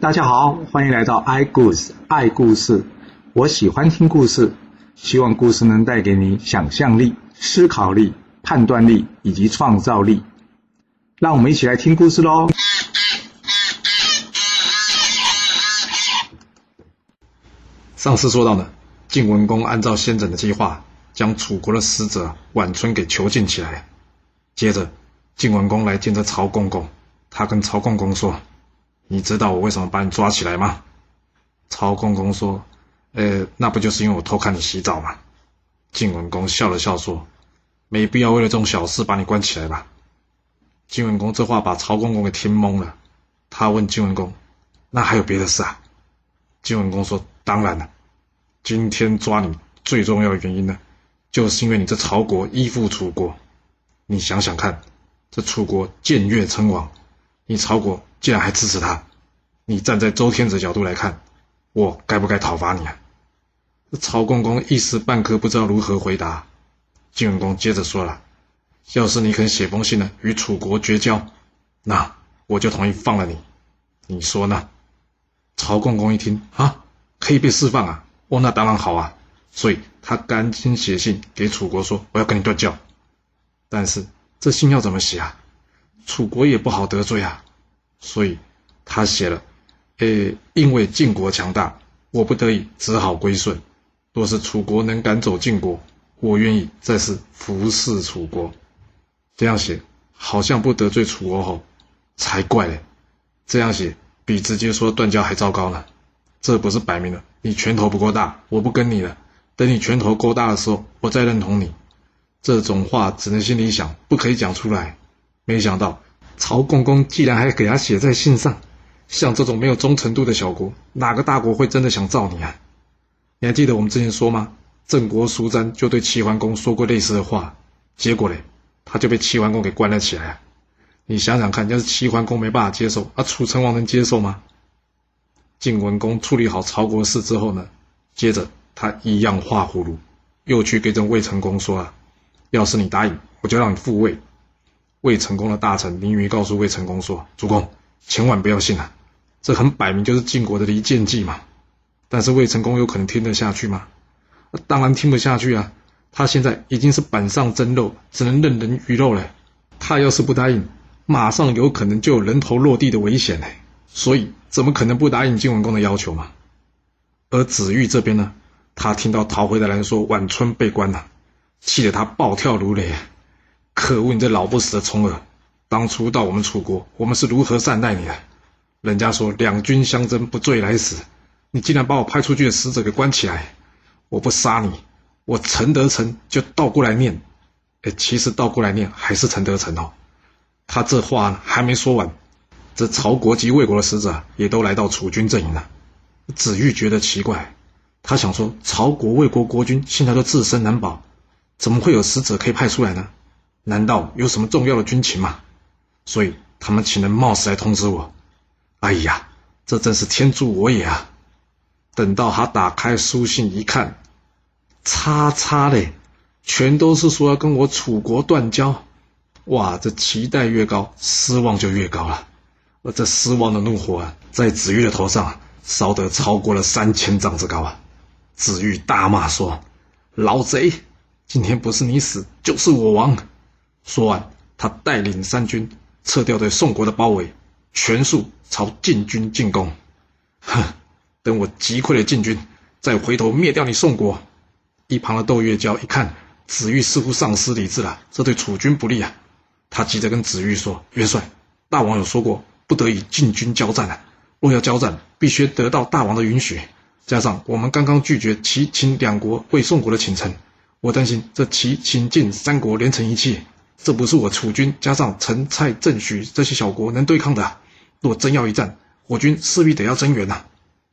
大家好，歡迎來到 i 故事愛故事。我喜歡聽故事，希望故事能帶給你想象力、思考力、判斷力以及創造力。讓我們一起來聽故事嘍。上次說到呢，晉文公按照先軫的計劃，將楚國的使者宛春給囚禁起來。接着，晉文公來見着曹公公，他跟曹公公說。你知道我為什麼把你抓起來嗎？曹共公說：“呃、欸，那不就是因為我偷看你洗澡嗎？”晉文公笑了笑說：“沒必要為了這種小事把你關起來吧。”晉文公這話把曹共公給聽懵了。他問晉文公：“那還有別的事啊？”晉文公說：“當然了，今天抓你最重要的原因呢，就是因為你這曹國依附楚國。你想想看，這楚國僭越稱王，你曹國竟然還支持他。”你站在周天子角度來看，我該不該討伐你啊？這曹公公一時半刻不知道如何回答啊。晉文公接着說了：“要是你肯寫封信呢，與楚國絕交，那我就同意放了你。你說呢？”曹公公一聽啊，可以被釋放啊！哦，那當然好啊！所以他趕緊寫信給楚國說：“我要跟你斷交。”但是這信要怎麼寫啊？楚國也不好得罪啊！所以他寫了。誒、欸，因為晉國強大，我不得已只好歸順。若是楚國能趕走晉國，我願意再次服侍楚國。這樣寫好像不得罪楚國後，才怪嘞！這樣寫比直接說斷交還糟糕呢。這不是擺明了你拳頭不夠大，我不跟你了。等你拳頭夠大的時候，我再認同你。這種話只能心裡想，不可以講出來。沒想到曹共公竟然還給他寫在信上。像這種沒有忠誠度的小國，哪個大國會真的想罩你啊？你還記得我們之前說嗎？鄭國叔詹就對齊桓公說過類似的話，結果嘞，他就被齊桓公給關了起來。你想想看，要是齊桓公沒辦法接受啊，楚成王能接受嗎？晉文公處理好曹國的事之後呢，接着他一樣畫葫蘆，又去跟這衛成公說啊：“要是你答應，我就讓你復位。”衛成公的大臣寧俞告訴衛成公說：“主公，千萬不要信啊！”這很擺明就是晉國的離間計嘛，但是衛成公有可能聽得下去嗎、啊？當然聽不下去啊！他現在已經是板上蒸肉，只能任人魚肉了。他要是不答應，馬上有可能就有人頭落地的危險嘞。所以，怎麼可能不答應晉文公的要求嘛？而子玉這邊呢，他聽到逃回的人說宛春被關了，氣得他暴跳如雷、啊。可惡，你這老不死的重耳！當初到我們楚國，我們是如何善待你的？人家說兩軍相爭不斬來使，你竟然把我派出去的使者給關起來，我不殺你，我成得臣就倒過來念，哎，其實倒過來念還是成得臣哦。他這話還沒說完，這曹國及魏國的使者也都來到楚軍陣營了。子玉覺得奇怪，他想說曹國、魏國國君現在都自身難保，怎麼會有使者可以派出來呢？難道有什麼重要的軍情嗎？所以他們豈能冒死來通知我？哎呀，這真是天助我也啊！等到他打開書信一看，叉叉嘞，全都是說要跟我楚國斷交。哇，這期待越高，失望就越高了。而這失望的怒火啊，在子玉的頭上燒得超過了三千丈之高啊！子玉大罵說：“老賊，今天不是你死，就是我亡！”說完，啊，他帶領三軍撤掉對宋國的包圍。全速朝晉軍進攻，哼！等我擊潰了晉軍，再回頭滅掉你宋國。一旁的鬥越椒一看，子玉似乎喪失理智了，這對楚軍不利啊！他急着跟子玉說：“元帥，大王有說過，不得與晉軍交戰啊，若要交戰，必須得到大王的允許。加上我們剛剛拒絕齊、秦兩國為宋國的請成，我擔心這齊、秦、晉三國連成一氣，這不是我楚軍加上陳、蔡、鄭、許這些小國能對抗的。”若真要一戰，我軍勢必得要增援吶、啊。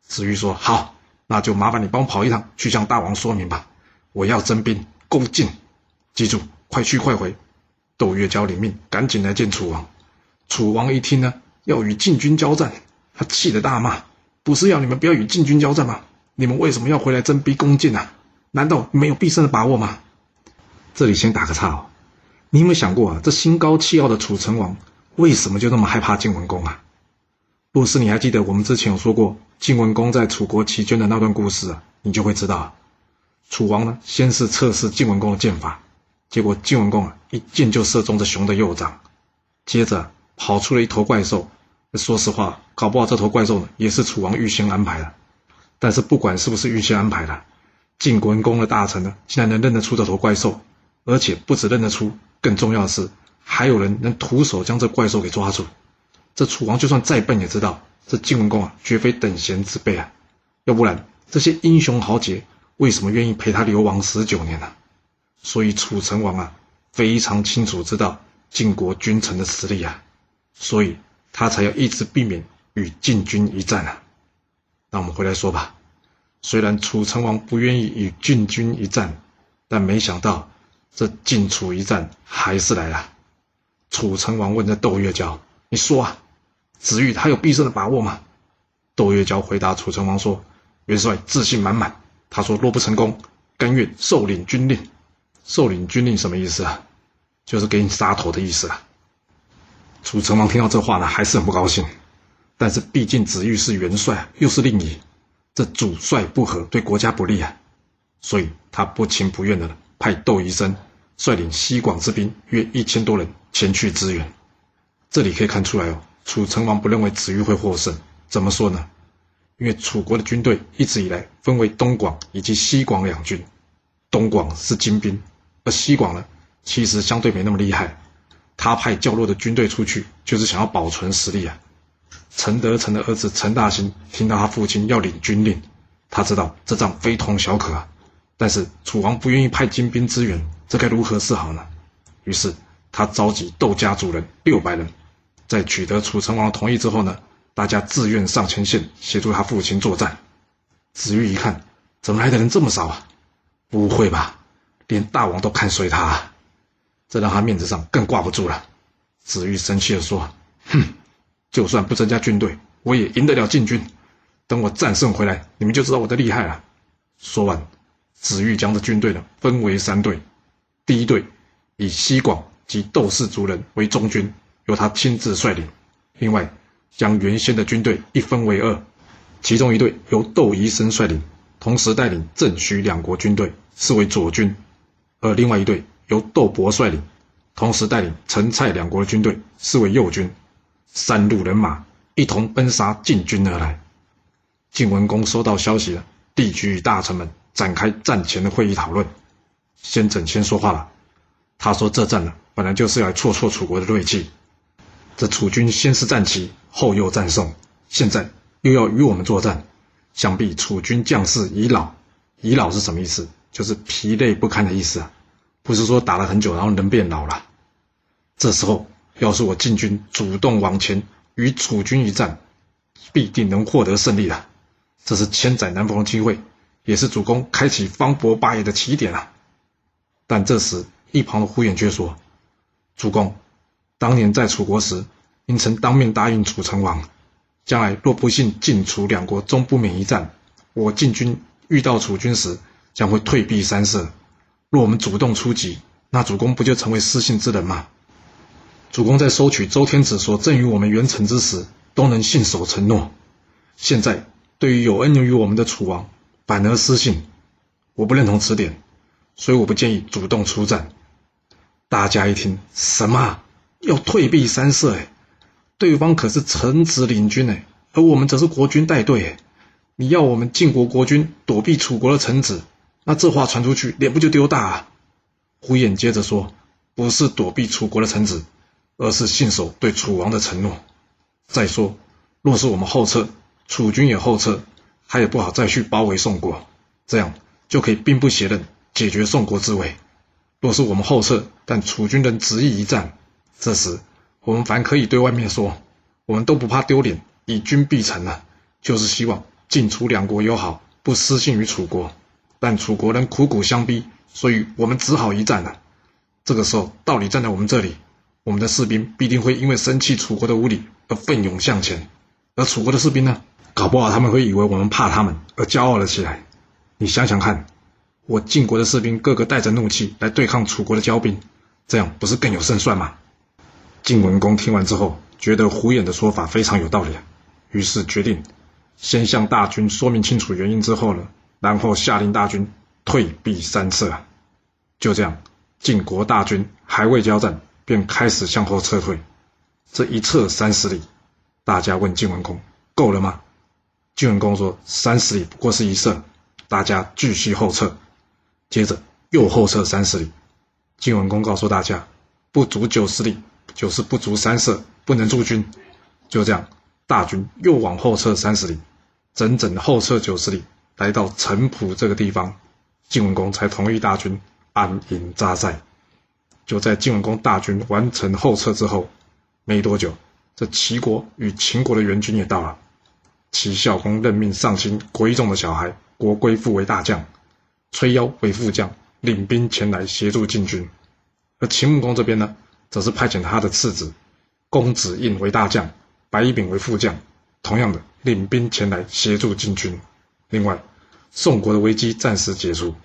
子玉說：“好，那就麻煩你幫我跑一趟，去向大王說明吧。我要徵兵攻晉。記住，快去快回。”鬥越椒領命，趕緊來見楚王。楚王一聽呢，要與晉軍交戰，他氣得大罵：“不是要你們不要與晉軍交戰嗎？你們為什麼要回來徵兵攻晉啊？難道沒有必勝的把握嗎？”這裡先打個岔哦，你有沒有想過啊？這心高氣傲的楚成王，為什麼就那麼害怕晉文公啊？故事，你還記得我們之前有說過晉文公在楚國期間的那段故事啊？你就會知道，楚王呢，先是測試晉文公的箭法，結果晉文公啊一箭就射中這熊的右掌，接着、啊、跑出了一頭怪獸。說實話，搞不好這頭怪獸呢也是楚王預先安排的。但是不管是不是預先安排的，晉文公的大臣呢，現在能認得出這頭怪獸，而且不只認得出，更重要的是還有人能徒手將這怪獸給抓住。這楚王就算再笨，也知道這晉文公啊，絕非等閒之輩啊，要不然這些英雄豪傑為什麼願意陪他流亡十九年呢、啊？所以楚成王啊，非常清楚知道晉國君臣的實力啊，所以他才要一直避免與晉軍一戰啊。那我們回來說吧，雖然楚成王不願意與晉軍一戰，但沒想到這晉楚一戰還是來了。楚成王問這鬥越椒：“你說啊？”子玉他有必勝的把握嗎？鬥越椒回答楚成王說：“元帥自信滿滿。”他說：“若不成功，甘願受領軍令。”受領軍令什麼意思啊？就是給你殺頭的意思啊！楚成王聽到這話呢，還是很不高興。但是畢竟子玉是元帥，又是令尹，這主帥不和，對國家不利啊，所以他不情不願的派鬥宜申率領西廣之兵約一千多人前去支援。這裡可以看出來哦。楚成王不認為子玉會獲勝，怎麼說呢？因為楚國的軍隊一直以來分為東廣以及西廣兩軍，東廣是精兵，而西廣呢，其實相對沒那麼厲害。他派較弱的軍隊出去，就是想要保存實力啊。成得臣的兒子成大心聽到他父親要領軍令，他知道這仗非同小可啊。但是楚王不願意派精兵支援，這該如何是好呢？於是他召集鬥家族人六百人。在取得楚成王的同意之後呢，大家自願上前線協助他父親作戰。子玉一看，怎麼來的人這麼少啊？不會吧，連大王都看衰他啊，這讓他面子上更掛不住了。子玉生氣的說：“哼，就算不增加軍隊，我也贏得了晉軍。等我戰勝回來，你們就知道我的厲害了。”說完，子玉將這軍隊呢分為三隊，第一隊以西廣及鬥氏族人為中軍。由他親自率領，另外將原先的軍隊一分為二，其中一隊由鬥宜申率領，同時帶領鄭許兩國軍隊，是為左軍；而另外一隊由鬥勃率領，同時帶領陳蔡兩國的軍隊，是為右軍。三路人馬一同奔殺晉軍而來。晉文公收到消息了，立即與大臣們展開戰前的會議討論。先軫先說話了，他說：“這戰呢，本來就是要來挫挫楚國的銳氣。”這楚軍先是戰齊，後又戰宋，現在又要與我們作戰，想必楚軍將士已老。已老是什麼意思？就是疲累不堪的意思啊，不是說打了很久然後人變老了。這時候要是我晉軍主動往前與楚軍一戰，必定能獲得勝利啊，這是千載難逢的機會，也是主公開啟方伯霸業的起點啊！但這時一旁的狐偃卻說：“主公。”當年在楚國時，您曾當面答應楚成王，將來若不幸晉楚兩國終不免一戰，我晉軍遇到楚軍時，將會退避三舍。若我們主動出擊，那主公不就成為失信之人嗎？主公在收取周天子所贈予我們原城之時，都能信守承諾，現在對於有恩於我們的楚王，反而失信，我不認同此點，所以我不建議主動出戰。大家一聽什麼？要退避三舍誒，對方可是臣子領軍誒，而我們則是國君帶隊誒，你要我們晉國國君躲避楚國的臣子，那這話傳出去，臉不就丟大啊？狐偃接着說：“不是躲避楚國的臣子，而是信守對楚王的承諾。再說，若是我們後撤，楚軍也後撤，他也不好再去包圍宋國，這樣就可以兵不血刃解決宋國之危。若是我們後撤，但楚軍仍執意一戰。”這時，我們反可以對外面說，我們都不怕丟臉，以君避臣啊！就是希望晉楚兩國友好，不失信於楚國。但楚國人苦苦相逼，所以我們只好一戰了啊。這個時候，道理站在我們這裡，我們的士兵必定會因為生氣楚國的無禮而奮勇向前，而楚國的士兵呢，搞不好他們會以為我們怕他們而驕傲了起來。你想想看，我晉國的士兵個個帶着怒氣來對抗楚國的驕兵，這樣不是更有勝算嗎？晉文公聽完之後，覺得狐偃的說法非常有道理，於是決定先向大軍說明清楚原因之後呢，然後下令大軍退避三舍。就這樣，晉國大軍還未交戰，便開始向後撤退。這一撤三十里，大家問晉文公夠了嗎？晉文公說：“三十里不過是一舍，大家繼續後撤。”接着又後撤三十里，晉文公告訴大家：“不足九十里。”九、就是不足三舍，不能駐軍，就這樣，大軍又往後撤三十里，整整後撤九十里，來到城濮這個地方，晉文公才同意大軍安營紮寨。就在晉文公大軍完成後撤之後，沒多久，這齊國與秦國的援軍也到了。齊孝公任命上卿國懿仲的小孩國歸父為大將，崔夭為副將，領兵前來協助晉軍。而秦穆公這邊呢？則是派遣他的次子公子印為大將，白乙丙為副將，同樣的領兵前來協助晉軍。另外，宋國的危機暫時解除。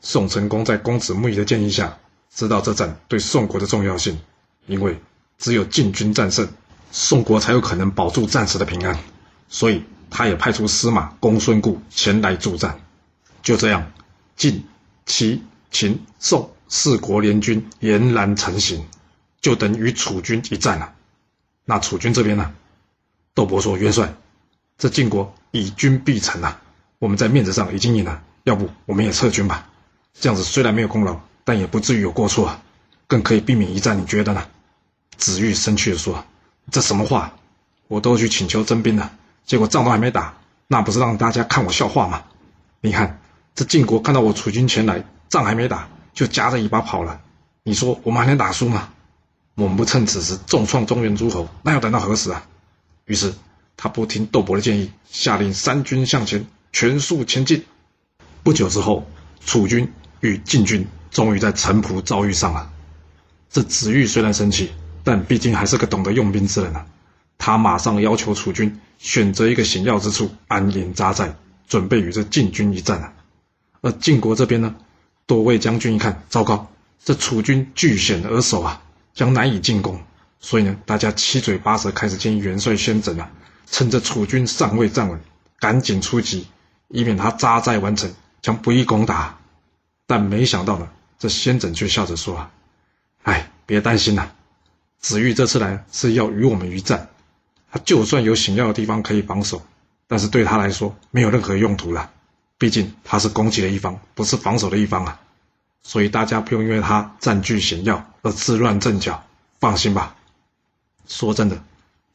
宋成公在公子目夷的建議下，知道這戰對宋國的重要性，因為只有晉軍戰勝，宋國才有可能保住暫時的平安，所以他也派出司馬公孫固前來助戰。就這樣，晉、齊、秦、宋四國聯軍儼然成形。就等與楚軍一戰了、啊。那楚軍這邊呢？鬥伯說算：“元、嗯、帥，這晉國以軍必成啊！我們在面子上已經贏了、啊，要不我們也撤軍吧？這樣子雖然沒有功勞，但也不至於有過錯啊，更可以避免一戰。你覺得呢？”子玉生氣地說：“這什麼話？我都去請求徵兵了，結果仗都還沒打，那不是讓大家看我笑話嗎？你看，這晉國看到我楚軍前來，仗還沒打就夾着尾巴跑了，你說我們還能打輸嗎？”我們不趁此時重創中原諸侯，那要等到何時啊？於是他不聽鬥勃的建議，下令三軍向前，全速前進。不久之後，楚軍與晉軍終於在城濮遭遇上了。這子玉雖然生氣，但畢竟還是個懂得用兵之人啊。他馬上要求楚軍選擇一個險要之處安營紮寨，準備與這晉軍一戰啊。而晉國這邊呢，多位將軍一看，糟糕，這楚軍據險而守啊。將難以進攻，所以呢，大家七嘴八舌開始建議元帥先軫啊，趁着楚軍尚未站穩，趕緊出擊，以免他扎寨完成將不易攻打。但沒想到呢，這先軫卻笑着說啊：“哎，別擔心了啊，子玉這次來是要與我們一戰，他就算有險要的地方可以防守，但是對他來說沒有任何用途了，畢竟他是攻擊的一方，不是防守的一方啊，所以大家不用因為他占據險要。”自亂陣腳，放心吧。說真的，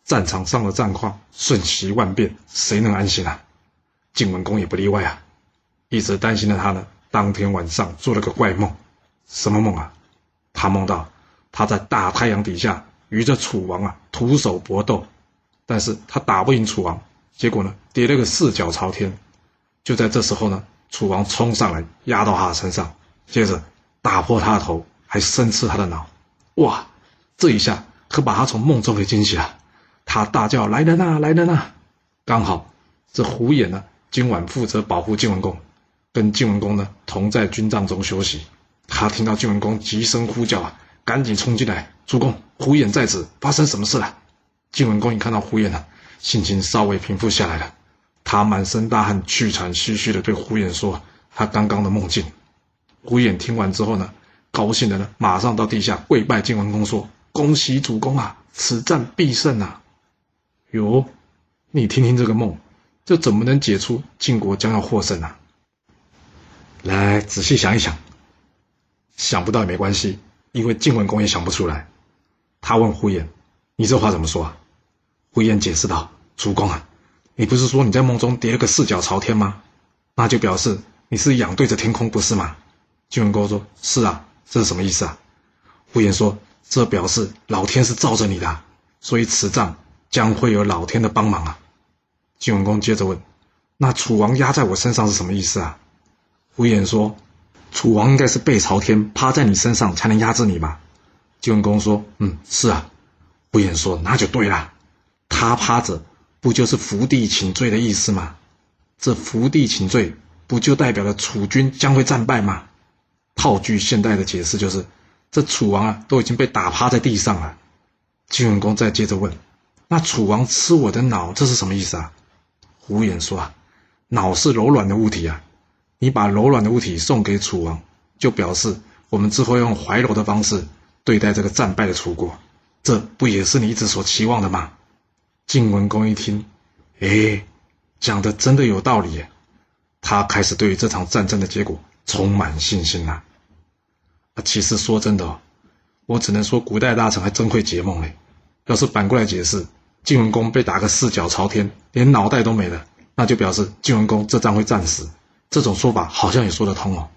戰場上的戰況瞬息萬變，誰能安心啊？晉文公也不例外啊，一直擔心的他呢，當天晚上做了個怪夢，什麼夢啊？他夢到他在大太陽底下與這楚王啊徒手搏鬥，但是他打不贏楚王，結果呢，跌了個四腳朝天，就在這時候呢，楚王衝上來壓到他的身上，接着打破他的頭。還生吃他的腦，哇！這一下可把他從夢中給驚醒了。他大叫：“來人吶，來人吶！”剛好這狐偃呢、啊，今晚負責保護晉文公，跟晉文公呢同在軍帳中休息。他聽到晉文公急聲呼叫啊，趕緊衝進來：“主公，狐偃在此，發生什麼事了、啊？”晉文公一看到狐偃呢、啊，心情稍微平復下來了。他滿身大汗，氣喘吁吁的對狐偃說：“他剛剛的夢境。”狐偃聽完之後呢，高興的呢，馬上到地下跪拜晉文公說：“恭喜主公啊，此戰必勝啊！”喲，你聽聽這個夢，這怎麼能解出晉國將要獲勝呢、啊？來，仔細想一想，想不到也沒關係，因為晉文公也想不出來。他問狐偃：“你這話怎麼說啊？”狐偃解釋道：“主公啊，你不是說你在夢中跌了個四腳朝天嗎？那就表示你是仰對着天空，不是嗎？”晉文公說：“是啊。”這是什麼意思啊？狐偃說：“這表示老天是罩着你的，所以此仗將會有老天的幫忙啊。”晉文公接着問：“那楚王壓在我身上是什麼意思啊？”狐偃說：“楚王應該是背朝天趴在你身上才能壓制你吧？”晉文公說：“嗯，是啊。”狐偃說：“那就對了，他趴着不就是伏地請罪的意思嗎？這伏地請罪不就代表了楚軍將會戰敗嗎？”套句現代的解釋就是，這楚王啊都已經被打趴在地上了。晉文公再接着問：“那楚王吃我的腦，這是什麼意思啊？”胡衍說：“啊，腦是柔軟的物體啊，你把柔軟的物體送給楚王，就表示我們之後用懷柔的方式對待這個戰敗的楚國，這不也是你一直所期望的嗎？”晉文公一聽，誒，講的真的有道理，啊，他開始對於這場戰爭的結果充滿信心吶、啊！啊，其實說真的哦，我只能說古代大臣還真會解夢呢，要是反過來解釋，晉文公被打個四腳朝天，連腦袋都沒了，那就表示晉文公這仗會戰死。這種說法好像也說得通哦。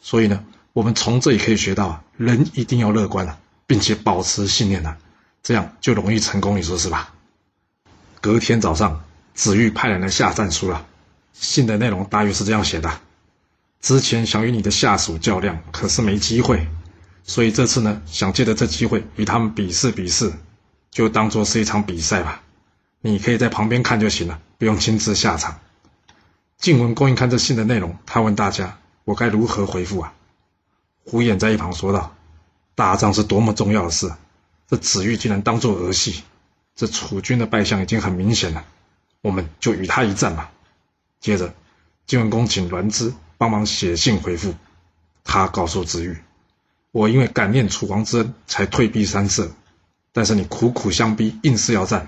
所以呢，我們從這裡可以學到，啊，人一定要樂觀啊，並且保持信念吶、啊，這樣就容易成功。你說是吧？隔天早上，子玉派人來下戰書了、啊。信的內容大約是這樣寫的。之前想與你的下屬較量，可是沒機會，所以這次呢，想借着這機會與他們比試比試，就當做是一場比賽吧。你可以在旁邊看就行了，不用親自下場。晉文公一看這信的內容，他問大家：“我該如何回復啊？”狐偃在一旁說道：“打仗是多麼重要的事，這子玉竟然當作兒戲，這楚軍的敗相已經很明顯了，我們就與他一戰吧。”接着，晉文公請欒枝。幫忙寫信回復，他告訴子玉：“我因為感念楚王之恩，才退避三舍。但是你苦苦相逼，硬是要戰，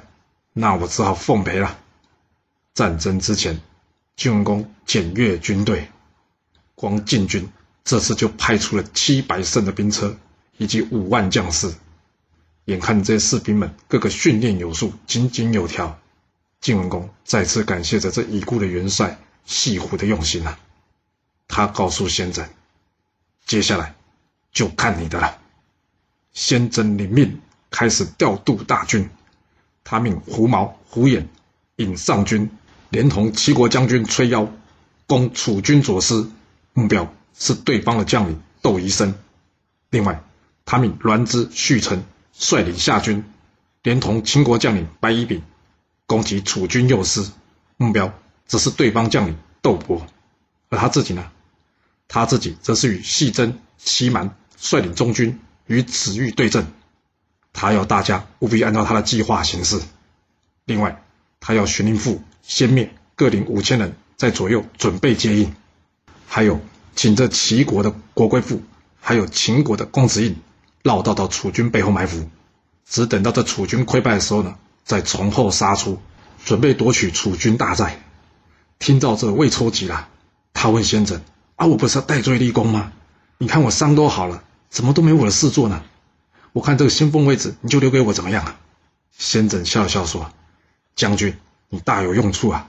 那我只好奉陪了。”戰爭之前，晉文公檢閱軍隊，光晉軍這次就派出了七百乘的兵車以及五萬將士。眼看這些士兵們個個訓練有素，井井有條，晉文公再次感謝着這已故的元帥郤縠的用心啊！他告訴先軫：“接下來就看你的了。”先軫領命，開始調度大軍。他命狐毛、狐偃引上軍，連同齊國將軍崔夭攻楚軍左師，目標是對方的將領鬥宜申。另外，他命欒枝、胥臣率領下軍，連同秦國將領白乙丙攻擊楚軍右師，目標則是對方將領鬥勃，而他自己呢？他自己則是與郤溱、西蠻率領中軍與子玉對陣，他要大家務必按照他的計劃行事。另外，他要荀林父、先蔑各領五千人，在左右準備接應；還有，請這齊國的國歸父，還有秦國的公子印，繞道到楚軍背後埋伏，只等到這楚軍潰敗的時候呢，再從後殺出，準備奪取楚軍大寨。聽到這魏犨急了，他問先軫。啊，我不是要戴罪立功嗎？你看我傷都好了，怎麼都沒有我的事做呢？我看這個先鋒位置，你就留給我怎麼樣啊？先軫笑了笑說：“將軍，你大有用處啊。”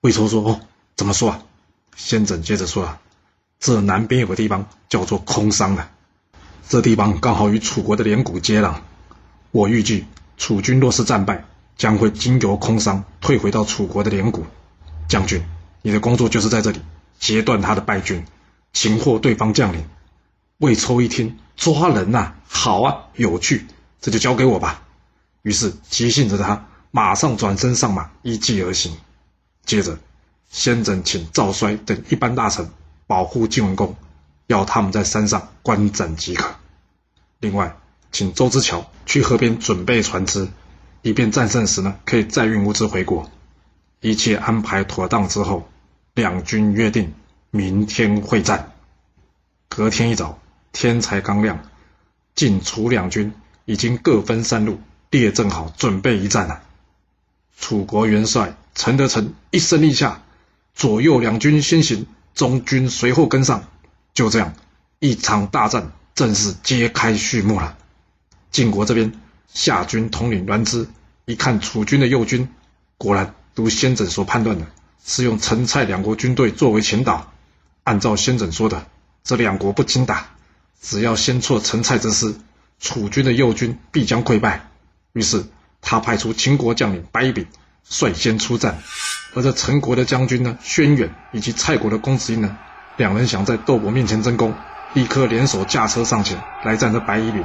魏犨說：“哦，怎麼說啊？”先軫接着說：“啊，這南邊有個地方叫做空桑啊，這地方剛好與楚國的連谷接壤。我預計楚軍若是戰敗，將會經由空桑退回到楚國的連谷。將軍，你的工作就是在這裡。”截斷他的敗軍，擒獲對方將領。魏抽一聽，抓人吶、啊，好啊，有趣，這就交給我吧。於是急性子的他，馬上轉身上馬，依計而行。接着，先軫請趙衰等一班大臣保護晉文公，要他們在山上觀戰即可。另外，請舟之僑去河邊準備船只，以便戰勝時呢可以載運物資回國。一切安排妥當之後。兩軍約定明天會戰。隔天一早，天才剛亮，晉楚兩軍已經各分三路列陣好，準備一戰了。楚國元帥陳德成一聲令下，左右兩軍先行，中軍隨後跟上。就這樣，一場大戰正式揭開序幕了。晉國這邊，下軍統領欒枝，一看楚軍的右軍，果然如先軫所判斷的，是用陳蔡兩國軍隊作為前導，按照先軫說的，這兩國不經打，只要先挫陳蔡之師，楚軍的右軍必將潰敗。於是他派出秦國將領白乙丙率先出戰，而這陳國的將軍呢，宣遠以及蔡國的公子英呢，兩人想在鬥伯面前爭功，立刻聯手駕車上前來戰這白乙丙，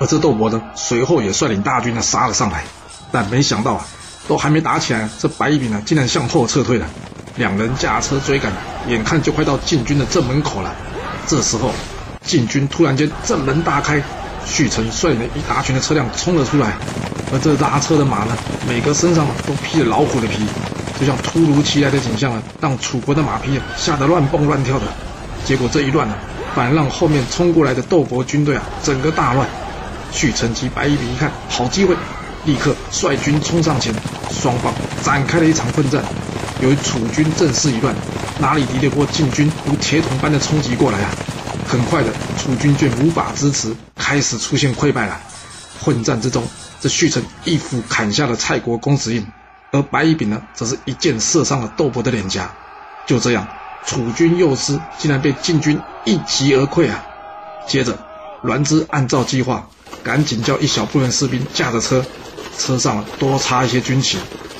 而這鬥伯呢，隨後也率領大軍呢殺了上來，但沒想到、啊。都還沒打起來，這白衣炳呢竟然向後撤退了。兩人駕車追趕，眼看就快到晉軍的正門口了。這時候，晉軍突然間正門大開，胥臣率領了一大群的車輛衝了出來。而這拉車的馬呢，每個身上都披着老虎的皮，就像突如其來的景象啊，讓楚國的馬匹、啊、嚇得亂蹦亂跳的。結果這一亂呢、啊，反而讓後面衝過來的斗國軍隊啊，整個大亂。胥臣及白衣炳一看，好機會。立刻率軍衝上前，雙方展開了一場混戰。由於楚軍陣勢已亂，哪裡敵得過晉軍如鐵桶般的衝擊過來啊？很快的，楚軍就無法支持，開始出現潰敗了。混戰之中，這胥臣一斧砍下了蔡國公子印，而白乙丙呢，則是一箭射傷了鬥勃的臉頰。就這樣，楚軍右師竟然被晉軍一擊而潰啊！接着，栾枝按照計劃，趕緊叫一小部分士兵駕着車。車上多插一些軍旗，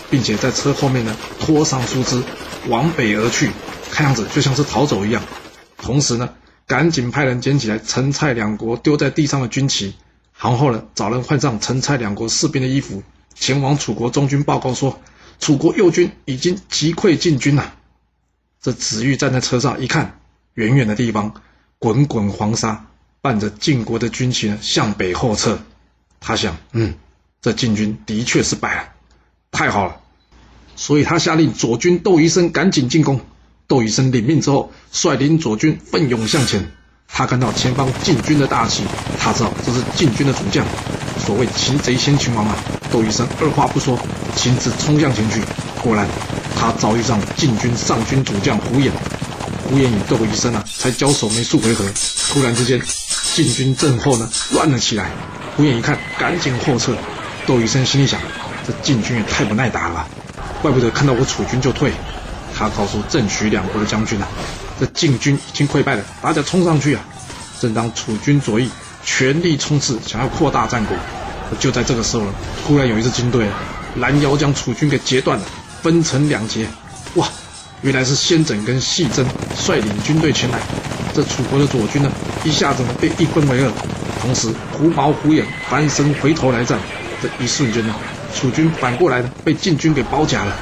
並且在車後面呢拖上樹枝，往北而去，看樣子就像是逃走一樣。同時呢，趕緊派人撿起來陳蔡兩國丟在地上的軍旗，然後呢找人換上陳蔡兩國士兵的衣服，前往楚國中軍報告說，楚國右軍已經擊潰晉軍了。這子玉站在車上一看，遠遠的地方滾滾黃沙，伴着晉國的軍旗呢向北後撤。他想，嗯。這晉軍的確是敗了，太好了，所以他下令左軍鬥宜申趕緊進攻。鬥宜申領命之後，率領左軍奮勇向前。他看到前方晉軍的大旗，他知道這是晉軍的主將。所謂擒賊先擒王啊！鬥宜申二話不說，親自衝向前去。果然，他遭遇上晉軍上軍主將狐偃。狐偃與鬥宜申啊，才交手沒數回合，突然之間，晉軍陣後呢，亂了起來。狐偃一看，趕緊後撤。鬥宜申心裡想：這晉軍也太不耐打了吧、啊！怪不得看到我楚軍就退。他告訴鄭、許兩國的將軍啊，這晉軍已經潰敗了，大家衝上去啊！正當楚軍左翼全力衝刺，想要擴大戰果，就在這個時候呢，突然有一支軍隊攔腰將楚軍給截斷了，分成兩截。哇！原來是先軫跟郤溱率領軍隊前來。這楚國的左軍呢、啊，一下子被一分為二，同時狐毛、狐偃，翻身回頭來戰。這一瞬間呢，楚軍反過來呢被晉軍給包夾了，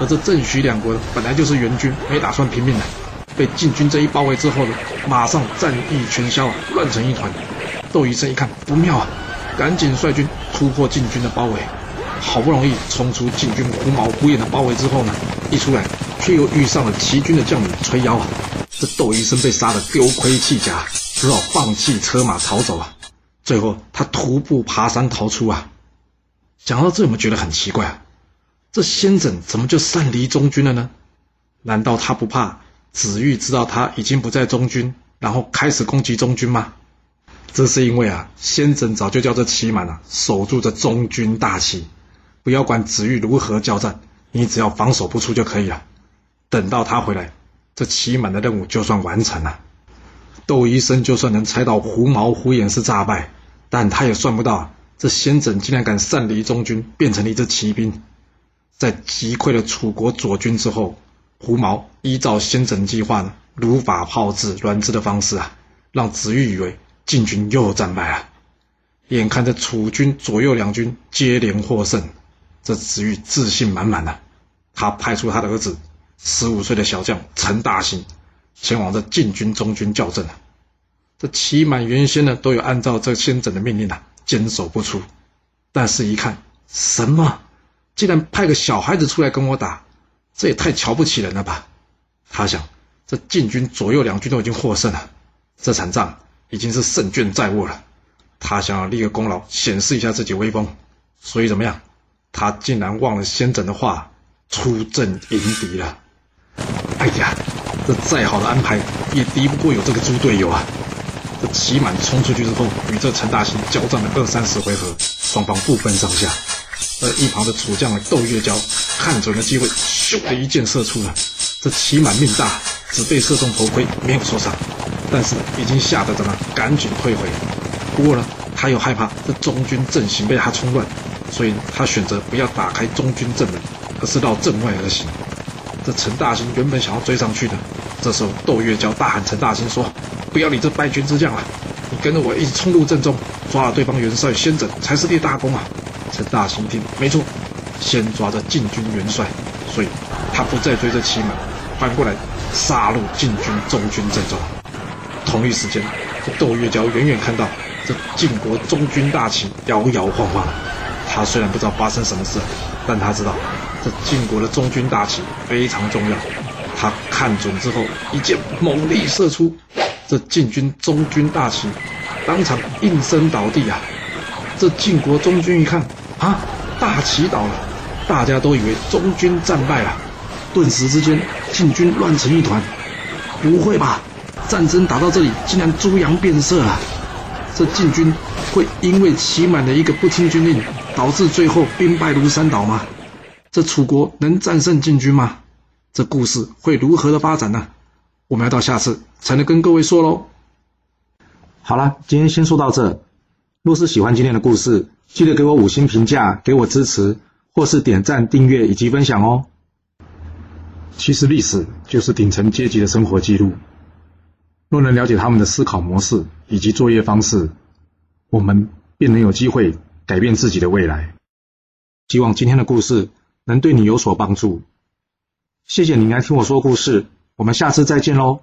而這鄭許兩國呢本來就是援軍，沒打算拼命的，被晉軍這一包圍之後呢，馬上戰意全消，亂成一團。鬥宜申一看不妙啊，趕緊率軍突破晉軍的包圍，好不容易衝出晉軍狐毛、狐偃的包圍之後呢，一出來卻又遇上了齊軍的將領崔夭啊，這鬥宜申被殺得丟盔棄甲，只好放棄車馬逃走啊，最後他徒步爬山逃出啊。講到這，我們覺得很奇怪啊，這先軫怎麼就擅離中軍了呢？難道他不怕子玉知道他已經不在中軍，然後開始攻擊中軍嗎？這是因為啊，先軫早就叫這祁瞞了，守住這中軍大旗，不要管子玉如何交戰，你只要防守不出就可以了。等到他回來，這祁瞞的任務就算完成了。鬥宜申就算能猜到狐毛狐偃是詐敗，但他也算不到，啊。這先軫竟然敢擅離中軍，變成了一支騎兵。在擊潰了楚國左軍之後，狐毛依照先軫計劃呢，如法炮製欒枝的方式啊，讓子玉以為晉軍又戰敗了、啊。眼看着楚軍左右兩軍接連獲勝，這子玉自信滿滿呢、啊，他派出他的兒子十五歲的小將成大心前往這晉軍中軍校正啊。這祁瞞原先呢，都有按照這先軫的命令啊。堅守不出，但是，一看，什麼？竟然派個小孩子出來跟我打，這也太瞧不起人了吧？他想，這晉軍左右兩軍都已經獲勝了，這場仗已經是勝券在握了。他想要立個功勞，顯示一下自己威風，所以怎麼樣？他竟然忘了先軫的話，出陣迎敵了。哎呀，這再好的安排，也敵不過有這個豬隊友啊！這祁瞞衝出去之後，與這陳大興交戰了二三十回合，雙方，方不分上下。而一旁的楚將的鬥越椒看準了機會，咻的一箭射出了。了這祁瞞命大，只被射中頭盔，沒有受傷，但是已經嚇得他趕緊退回。不過呢，他又害怕這中軍陣型被他衝亂，所以他選擇不要打開中軍陣門，而是繞陣外而行。這陳大興原本想要追上去的，這時候鬥越椒大喊：“陳大興，說！”不要你這敗軍之將了、啊！你跟着我一起衝入陣中，抓了對方元帥先整才是立大功啊！這大秦聽，沒錯，先抓着禁軍元帥，所以他不再追着騎馬，反過來殺入禁軍中軍陣中。同一時間，竇月嬌遠遠看到這晉國中軍大旗搖搖晃晃，他雖然不知道發生什麼事，但他知道這晉國的中軍大旗非常重要。他看準之後，一箭猛力射出。這晉軍中軍大旗當場應聲倒地啊！這晉國中軍一看，啊，大旗倒了，大家都以為中軍戰敗了。頓時之間，晉軍亂成一團。不會吧？戰爭打到這裡，竟然豬羊變色了。這晉軍會因為祁瞞的一個不聽軍令，導致最後兵敗如山倒嗎？這楚國能戰勝晉軍嗎？這故事會如何的發展呢？我們要到下次才能跟各位說嘍。好了，今天先說到這。若是喜歡今天的故事，記得給我五星評價，給我支持，或是點讚、訂閱以及分享哦。其實歷史就是頂層階級的生活記錄。若能了解他們的思考模式以及作業方式，我們便能有機會改變自己的未來。希望今天的故事能對你有所幫助。謝謝你來聽我說故事，我們下次再見嘍。